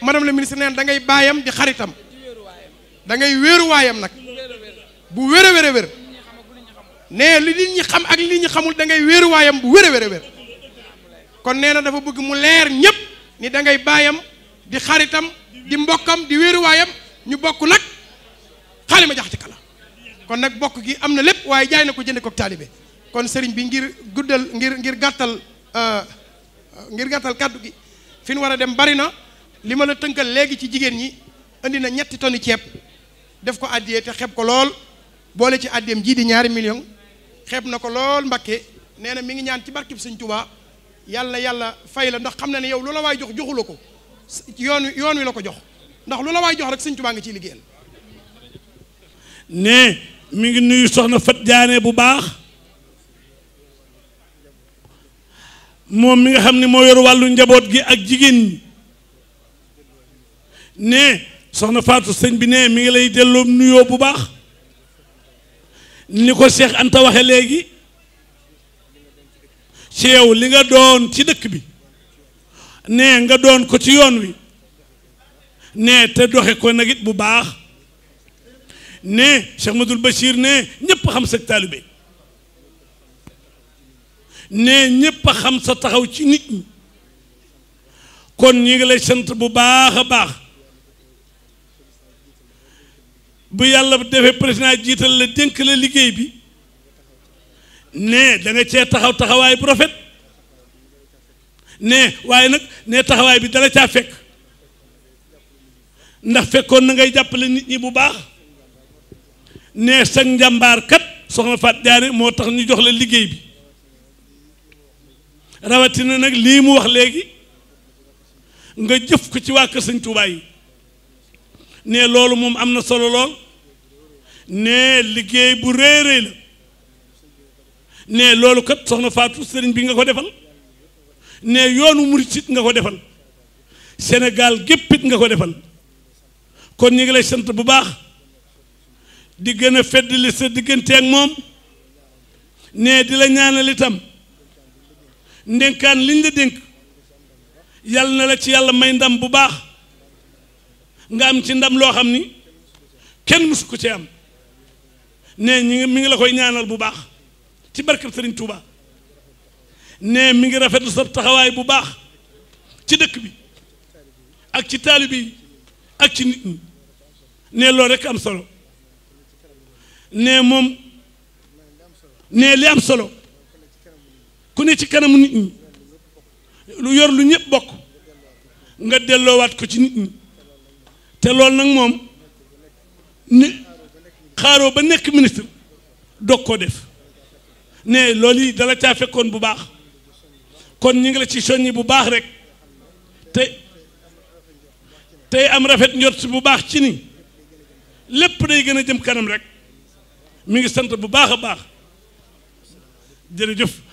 madame la ministre neen da ngay baayam di xaritam da ngay wéeruwaayam nag bu wér a wér li xam ak li ñu xamul da ngay wéeruwaayam bu wér a wér kon nee na dafa bëgg mu leer ñëpp ni dangay ngay baayam di xaritam di mbokkam di wéeruwaayam ñu bokk nag xaali ma jax ci kala kon nag bokk gi am na lépp waaye jaay na ko jënd ko taalibe kon sëriñ bi ngir guddal ngir ngir gàttal euh, ngir gàttal kàddu gi fi ñu war a dem bari na li ma la tënkal léegi ci jigéen ñi indi na ñetti tonni ceeb def ko àddiyee te xeeb ko lool boole ci àddiyeem jii di ñaari million xeeb na ko lool Mbakke nee na mi ngi ñaan ci barkib Sëñ Tuubaa yàlla yàlla fay la ndax xam na ne yow lu la waay jox joxu la ko yoon wi yoon wi la ko jox ndax lu la waay jox rek Sëñ Tuubaa ngi ci liggéeyal. ne mi ngi nuyu soxna Fat Jaane bu baax moom mi nga xam ne moo yoru wàllu njaboot gi ak jigéen ñi ne soxna Fatou sëñ bi ne mi ngi lay delloo nuyoo bu baax ni ko Cheikh Anta waxe léegi ci li nga doon ci dëkk bi ne nga doon ko ci yoon wi ne te doxe ko nag it bu baax ne Cheikh Madul Bachir ne ñépp xam sa ne ñépp a xam sa taxaw ci nit ñi kon ñi ngi lay sant bu baax a baax bu yàlla defee président jiital la dénk la liggéey bi ne da nga cee taxaw taxawaay bu rafet ne waaye nag nee taxawaay bi dala caa fekk ndax fekkoon na ngay jàppale nit ñi bu baax ne sa njàmbaar kat soxna Fatou moo tax ñu jox la liggéey bi rawatina nag lii mu wax léegi nga jëf ko ci waa kër Sëñ ne loolu moom am na solo lool ne liggéey bu rëy rëy la ne loolu kat soxna Fatou sëriñ bi nga ko defal ne yoonu murit it nga ko defal Sénégal géppit nga ko defal kon ñu ngi lay sant bu baax di gën a feddali sa diggante ak moom ne di la ñaanal itam ndénkaan liñ la dénk yàlla na la ci yàlla may ndam bu baax nga am ci ndam loo xam ni kenn musu ko ci am ne ñi mi ngi la koy ñaanal bu baax ci barkeb sëriñ tuuba ne mi ngi rafetlu sab taxawaay bu baax ci dëkk bi ak ci taalibe yi ak ci nit ñi ne lool rekk am solo ne moom ne li am solo ku ne ci kanamu nit ñi lu yor lu ñëpp bokk nga delloowaat ko ci nit ñi te loolu nag moom ni xaaroo ba nekk ministre dog koo def ne loolu yi dala caa fekkoon bu baax kon ñu ngi la ci soññi bu baax rek te tey am rafet njot si bu baax ci ni lépp day gën a jëm kanam rek mu ngi sant bu baax a baax jërëjëf